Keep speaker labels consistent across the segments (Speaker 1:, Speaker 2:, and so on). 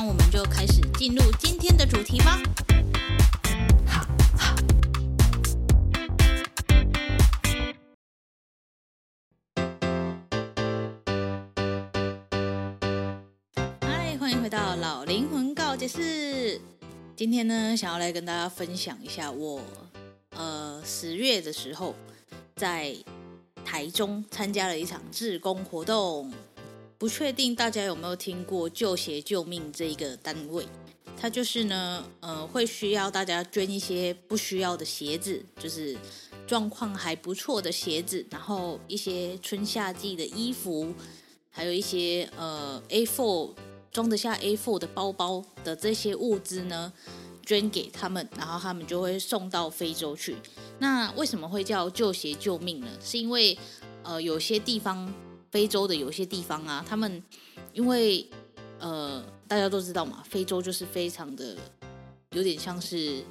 Speaker 1: 那我們就開始進入今天的主題吧。嗨，歡迎回到老靈魂告解室。今天呢，想要來跟大家分享一下我呃十月的時候在台中參加了一場志工活動。不確定大家有沒有聽過“舊鞋救命”這一個單位，它就是呢，呃，會需要大家捐一些不需要的鞋子，就是狀況還不錯的鞋子，然後一些春夏季的衣服，還有一些呃 A4 裝得下 A4 的包包的這些物資呢，捐給他們，然後他們就會送到非洲去。那為什麼會叫“舊鞋救命”呢？是因為呃，有些地方。非洲的有些地方啊，他們因為呃，大家都知道嘛，非洲就是非常的有點像是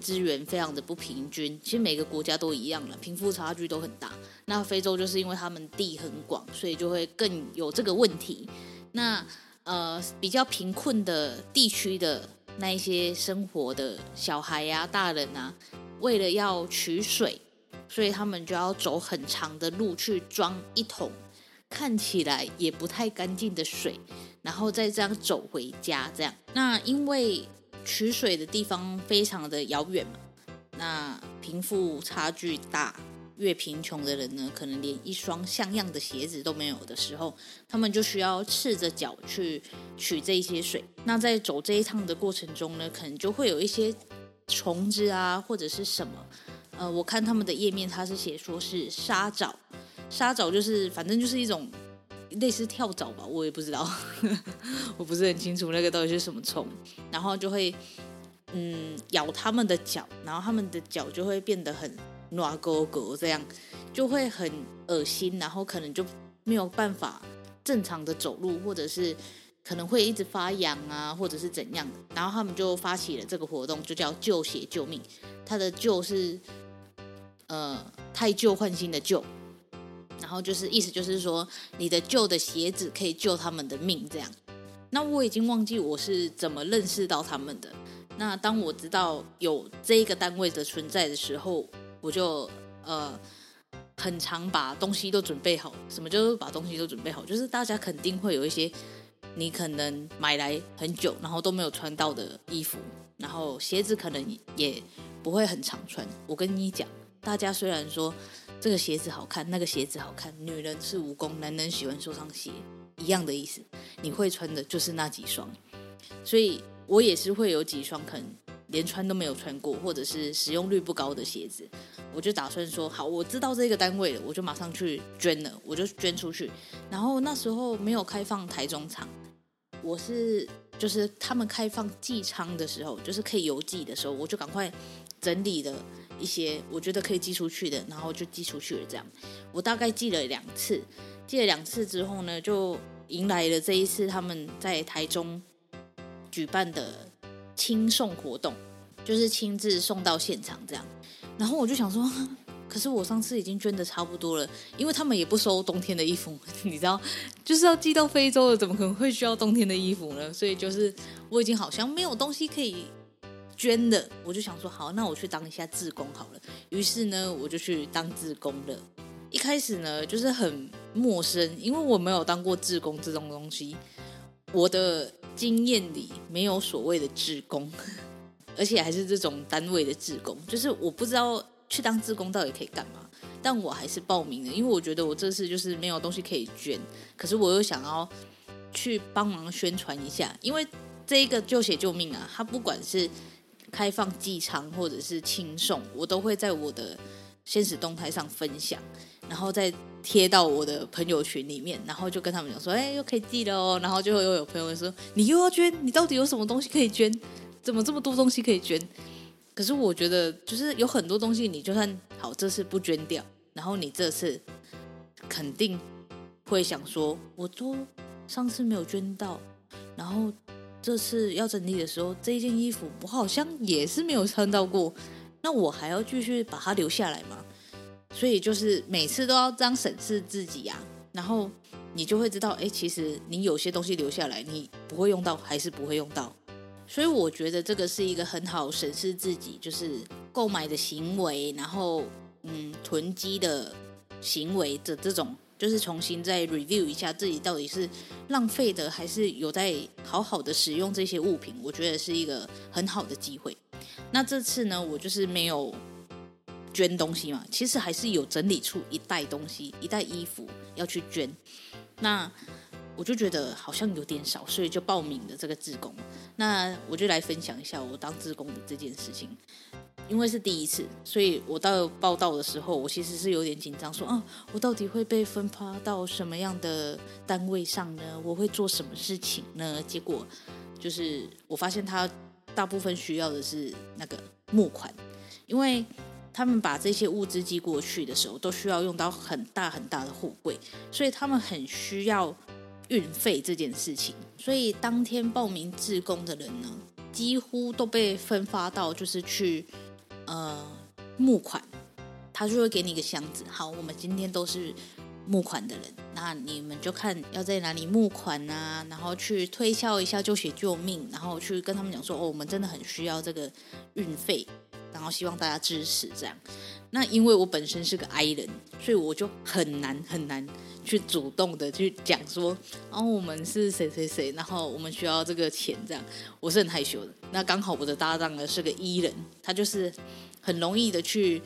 Speaker 1: 資源非常的不平均。其實每個國家都一樣了，貧富差距都很大。那非洲就是因為他們地很廣，所以就會更有這個問題。那呃，比較貧困的地區的那一些生活的小孩呀、啊、大人啊，為了要取水，所以他們就要走很長的路去裝一桶。看起來也不太乾淨的水，然後再這樣走回家，這樣。那因為取水的地方非常的遙遠嘛，那貧富差距大，越貧窮的人呢，可能連一雙像樣的鞋子都沒有的時候，他們就需要赤着腳去取這些水。那在走這一趟的過程中呢，可能就會有一些蟲子啊，或者是什麼，呃，我看他們的頁面，他是寫說是沙蚤。沙蚤就是，反正就是一種類似跳蚤吧，我也不知道， 我不是很清楚那個到底是什麼蟲。然後就會，嗯，咬他們的腳，然後他們的腳就會變得很軟狗狗這樣，就會很噁心，然後可能就沒有辦法正常的走路，或者是可能會一直發癢啊，或者是怎樣的。然後他們就發起了這個活動，就叫“舊鞋救命”。他的“舊”是呃，汰舊換新的“舊”。然後就是意思就是說，你的舊的鞋子可以救他們的命，這樣。那我已經忘記我是怎麼認識到他們的。那當我知道有這個單位的存在的時候，我就呃，很常把東西都準備好。什麼就是把東西都準備好？就是大家肯定會有一些你可能買來很久，然後都沒有穿到的衣服，然後鞋子可能也不會很常穿。我跟你講，大家雖然說。這個鞋子好看，那個鞋子好看。女人是蜈蚣，男人喜歡收藏鞋，一樣的意思。你會穿的就是那幾雙，所以我也是會有幾雙可能連穿都沒有穿過，或者是使用率不高的鞋子，我就打算說好，我知道這個單位了，我就馬上去捐了，我就捐出去。然後那時候沒有開放台中廠，我是就是他們開放寄倉的時候，就是可以郵寄的時候，我就趕快整理了。一些我覺得可以寄出去的，然後就寄出去了。這樣，我大概寄了兩次，寄了兩次之後呢，就迎來了這一次他們在台中舉辦的親送活動，就是親自送到現場這樣。然後我就想說，可是我上次已經捐的差不多了，因為他們也不收冬天的衣服，你知道，就是要寄到非洲了，怎麼可能會需要冬天的衣服呢？所以就是我已經好像沒有東西可以捐的，我就想說好，那我去當一下志工好了。於是呢，我就去當志工了。一開始呢，就是很陌生，因為我沒有當過志工這種東西，我的經驗裡沒有所謂的志工，而且還是這種單位的志工，就是我不知道去當志工到底可以幹嘛。但我還是報名了，因為我覺得我這次就是沒有東西可以捐，可是我又想要去幫忙宣傳一下，因為這一個舊鞋救命啊，他不管是。開放寄倉、或者是輕送，我都會在我的限時動態上分享，然後再貼到我的朋友群裡面，然後就跟他們講說：“哎，又可以寄了哦。”然後就又有朋友說：“你又要捐？你到底有什麼東西可以捐？怎麼這麼多東西可以捐？”可是我覺得，就是有很多東西，你就算好這次不捐掉，然後你這次肯定會想說：“我都上次沒有捐到，然後……”這次要整理的時候，這一件衣服我好像也是沒有穿到過，那我還要繼續把它留下來嗎？所以就是每次都要這樣審視自己呀、啊，然後你就會知道，哎，其實你有些東西留下來，你不會用到還是不會用到，所以我覺得這個是一個很好審視自己，就是購買的行為，然後嗯，囤積的行為這這種。就是重新再 review 一下自己到底是浪費的還是有在好好的使用這些物品，我覺得是一個很好的機會。那這次呢，我就是沒有捐東西嘛，其實還是有整理出一袋東西，一袋衣服要去捐。那我就覺得好像有點少，所以就報名了這個志工。那我就來分享一下我當志工的這件事情。因為是第一次，所以我到報道的時候，我其實是有點緊張說，說啊，我到底會被分發到什麼樣的單位上呢？我會做什麼事情呢？結果，就是我發現他大部分需要的是那個募款，因為他們把這些物資寄過去的時候，都需要用到很大很大的貨櫃，所以他們很需要運費這件事情。所以當天報名志工的人呢，幾乎都被分發到，就是去。呃，募款，他就會給你一個箱子。好，我們今天都是募款的人，那你們就看要在哪裡募款啊，然後去推銷一下，舊鞋救命，然後去跟他們講說，哦，我們真的很需要這個運費，然後希望大家支持這樣。那因為我本身是個 I 人，所以我就很難很難去主動的去講說，哦，然後我們是誰誰誰，然後我們需要這個錢這樣，我是很害羞的。那剛好我的搭檔呢是個 E 人，他就是很容易的去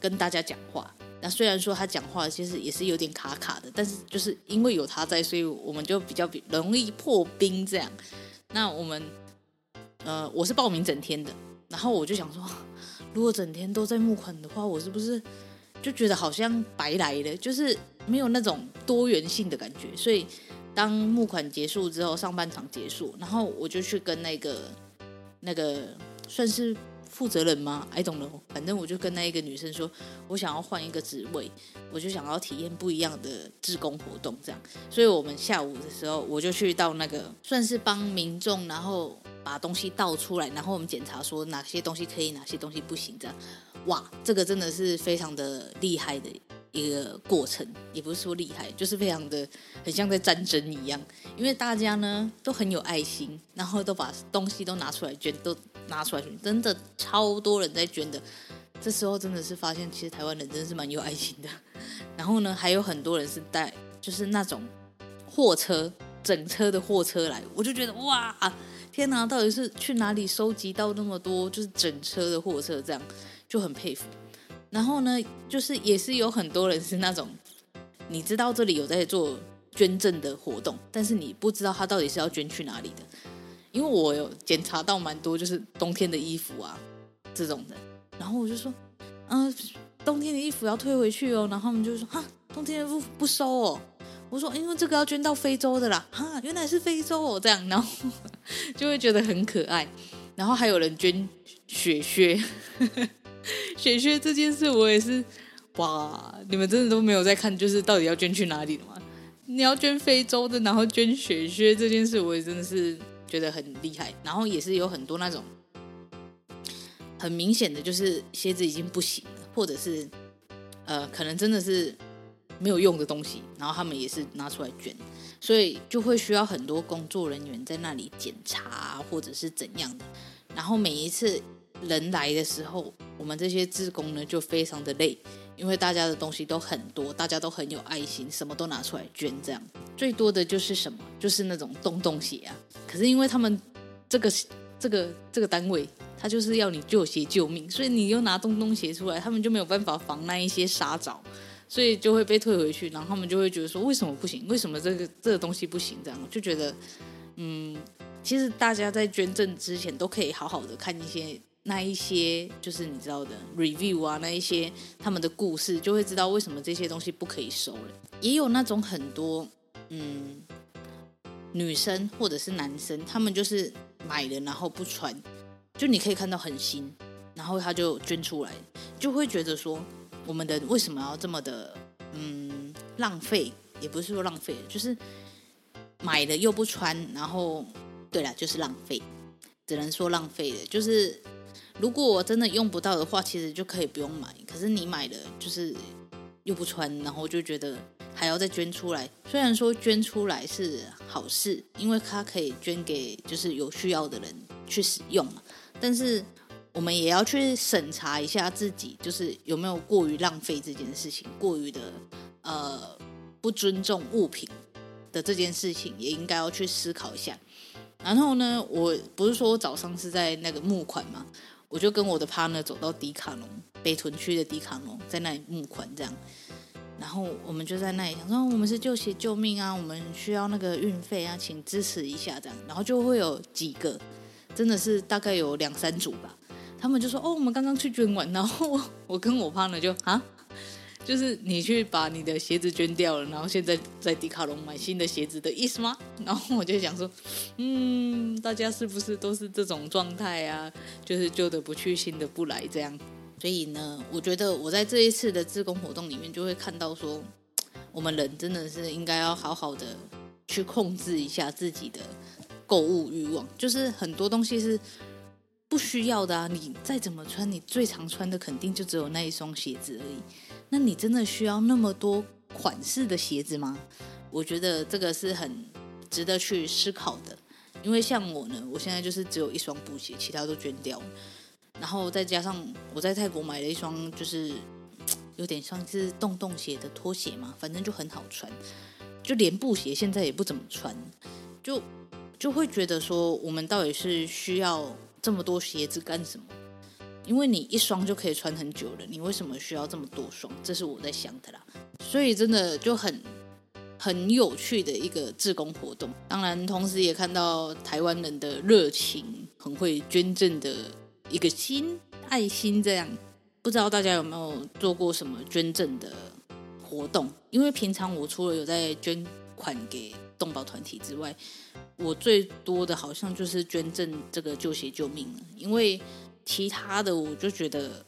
Speaker 1: 跟大家講話。那雖然說他講話其實也是有點卡卡的，但是就是因為有他在，所以我們就比較比容易破冰這樣。那我們呃，我是報名整天的，然後我就想說。如果整天都在募款的話，我是不是就覺得好像白來了？就是沒有那種多元性的感覺。所以當募款結束之後，上半場結束，然後我就去跟那個那個算是。負責人嗎？I don't know. 反正我就跟那一個女生說，我想要換一個職位，我就想要體驗不一樣的志工活動。這樣，所以我們下午的時候，我就去到那個算是幫民眾，然後把東西倒出來，然後我們檢查說哪些東西可以，哪些東西不行。這樣，哇，這個真的是非常的厲害的一個過程，也不是說厲害，就是非常的很像在戰爭一樣，因為大家呢都很有愛心，然後都把東西都拿出來捐都，拿出來，真的超多人在捐的。這時候真的是發現，其實台灣人真的是蠻有愛心的。然後呢，還有很多人是帶，就是那種貨車，整車的貨車來。我就覺得哇，天哪，到底是去哪裡收集到那麼多，就是整車的貨車？這樣就很佩服。然後呢，就是也是有很多人是那種，你知道這裡有在做捐贈的活動，但是你不知道他到底是要捐去哪裡的。因為我有檢查到蠻多，就是冬天的衣服啊這種的，然後我就說，嗯、呃，冬天的衣服要退回去哦。然後他們就說，哈，冬天的衣服不收哦。我說，因為這個要捐到非洲的啦。哈，原來是非洲哦，這樣，然後就會覺得很可愛。然後還有人捐雪靴，雪 靴這件事我也是，哇，你們真的都沒有在看，就是到底要捐去哪裡的嗎？你要捐非洲的，然後捐雪靴這件事，我也真的是。覺得很厲害，然後也是有很多那種很明顯的，就是鞋子已經不行了，或者是呃，可能真的是沒有用的東西，然後他們也是拿出來捐，所以就會需要很多工作人員在那裡檢查、啊、或者是怎樣，然後每一次人來的時候，我們這些志工呢就非常的累。因為大家的東西都很多，大家都很有愛心，什麼都拿出來捐這樣。最多的就是什麼？就是那種洞洞鞋啊。可是因為他們這個這個這個單位，他就是要你舊鞋救命，所以你又拿洞洞鞋出來，他們就沒有辦法防那一些沙蚤，所以就會被退回去。然後他們就會覺得說，為什麼不行？為什麼這個這個東西不行？這樣就覺得，嗯，其實大家在捐贈之前都可以好好的看一些。那一些就是你知道的 review 啊，那一些他們的故事，就會知道為什麼這些東西不可以收了。也有那種很多嗯女生或者是男生，他們就是買了然後不穿，就你可以看到很新，然後他就捐出來，就會覺得說我們的為什麼要這麼的嗯浪費？也不是說浪費，就是買了又不穿，然後對啦，就是浪費，只能說浪費了，就是。如果我真的用不到的話，其實就可以不用買。可是你買了就是又不穿，然後就覺得還要再捐出來。雖然說捐出來是好事，因為它可以捐給就是有需要的人去使用嘛。但是我們也要去審查一下自己，就是有沒有過於浪費這件事情，過於的，呃，不尊重物品的這件事情，也應該要去思考一下。然後呢，我不是說我早上是在那個募款嘛，我就跟我的 partner 走到迪卡儂，北屯區的迪卡儂，在那裡募款這樣，然後我們就在那裡想說我們是舊鞋救命啊，我們需要那個運費啊，請支持一下這樣，然後就會有幾個，真的是大概有兩三組吧，他們就說哦，我們剛剛去捐完，然後我，我跟我 partner 就啊。就是你去把你的鞋子捐掉了，然後現在在迪卡儂買新的鞋子的意思嗎？然後我就想說，嗯，大家是不是都是這種狀態啊？就是舊的不去，新的不來這樣。所以呢，我覺得我在這一次的志工活動裡面，就會看到說，我們人真的是應該要好好的去控制一下自己的購物欲望。就是很多東西是不需要的啊！你再怎麼穿，你最常穿的肯定就只有那一雙鞋子而已。那你真的需要那麼多款式的鞋子嗎？我覺得這個是很值得去思考的，因為像我呢，我現在就是只有一雙布鞋，其他都捐掉，然後再加上我在泰國買了一雙，就是有點像是洞洞鞋的拖鞋嘛，反正就很好穿，就連布鞋現在也不怎麼穿，就就會覺得說，我們到底是需要這麼多鞋子幹什麼？因為你一雙就可以穿很久了，你為什麼需要這麼多雙？這是我在想的啦。所以真的就很很有趣的一個志工活動。當然，同時也看到台灣人的熱情，很會捐贈的一個心愛心這樣。不知道大家有沒有做過什麼捐贈的活動？因為平常我除了有在捐款給動保團體之外，我最多的好像就是捐贈這個舊鞋救命了，因為。其他的我就覺得，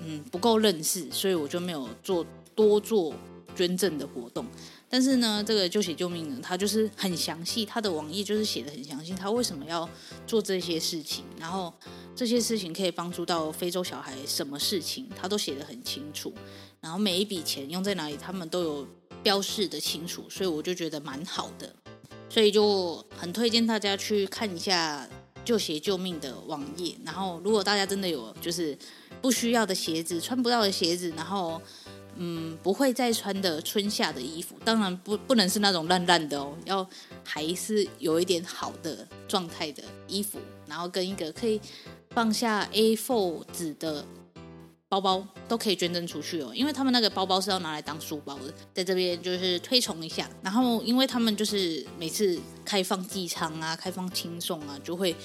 Speaker 1: 嗯，不夠認識，所以我就沒有做多做捐贈的活動。但是呢，這個舊鞋救命呢，他就是很詳細，他的網頁就是寫的很詳細，他為什麼要做這些事情，然後這些事情可以幫助到非洲小孩什麼事情，他都寫的很清楚。然後每一筆錢用在哪裡，他們都有標示的清楚，所以我就覺得蠻好的，所以就很推薦大家去看一下。舊鞋救命的網頁，然後如果大家真的有就是不需要的鞋子，穿不到的鞋子，然後嗯不會再穿的春夏的衣服，當然不不能是那種爛爛的哦，要還是有一點好的狀態的衣服，然後跟一個可以放下 A4 紙的。包包都可以捐贈出去哦，因為他們那個包包是要拿來當書包的，在這邊就是推崇一下。然後，因為他們就是每次開放寄倉啊、開放清送啊，就會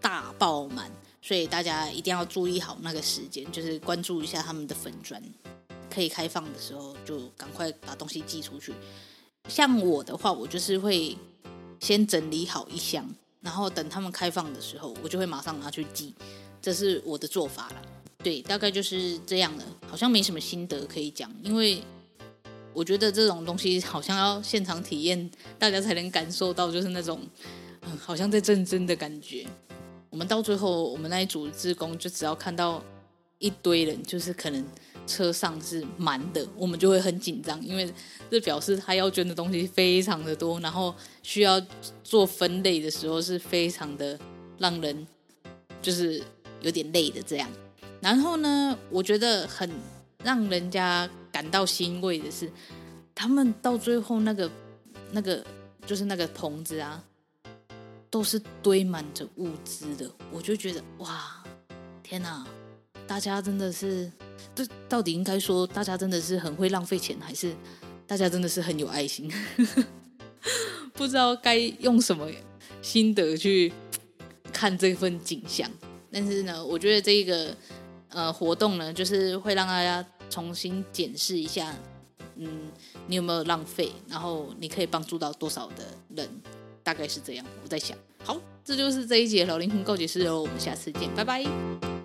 Speaker 1: 大爆滿，所以大家一定要注意好那個時間，就是關注一下他們的粉專，可以開放的時候，就趕快把東西寄出去。像我的話，我就是會先整理好一箱，然後等他們開放的時候，我就會馬上拿去寄，這是我的做法了。對，大概就是這樣了。好像沒什麼心得可以講，因為我覺得這種東西好像要現場體驗，大家才能感受到，就是那種、嗯、好像在認真的感覺。我們到最後，我們那一組志工就只要看到一堆人，就是可能車上是滿的，我們就會很緊張，因為這表示他要捐的東西非常的多，然後需要做分類的時候，是非常的讓人就是有點累的這樣。然後呢，我覺得很讓人家感到欣慰的是，他們到最後那個那個就是那個棚子啊，都是堆滿着物資的。我就覺得哇，天哪！大家真的是，這到底應該說，大家真的是很會浪費錢，還是大家真的是很有愛心？ 不知道該用什麼心得去看這份景象。但是呢，我覺得這一個呃，活動呢，就是會讓大家重新檢視一下，嗯，你有沒有浪費，然後你可以幫助到多少的人，大概是這樣。我在想，好，這就是這一集的老靈魂告解室哦，我們下次見，拜拜。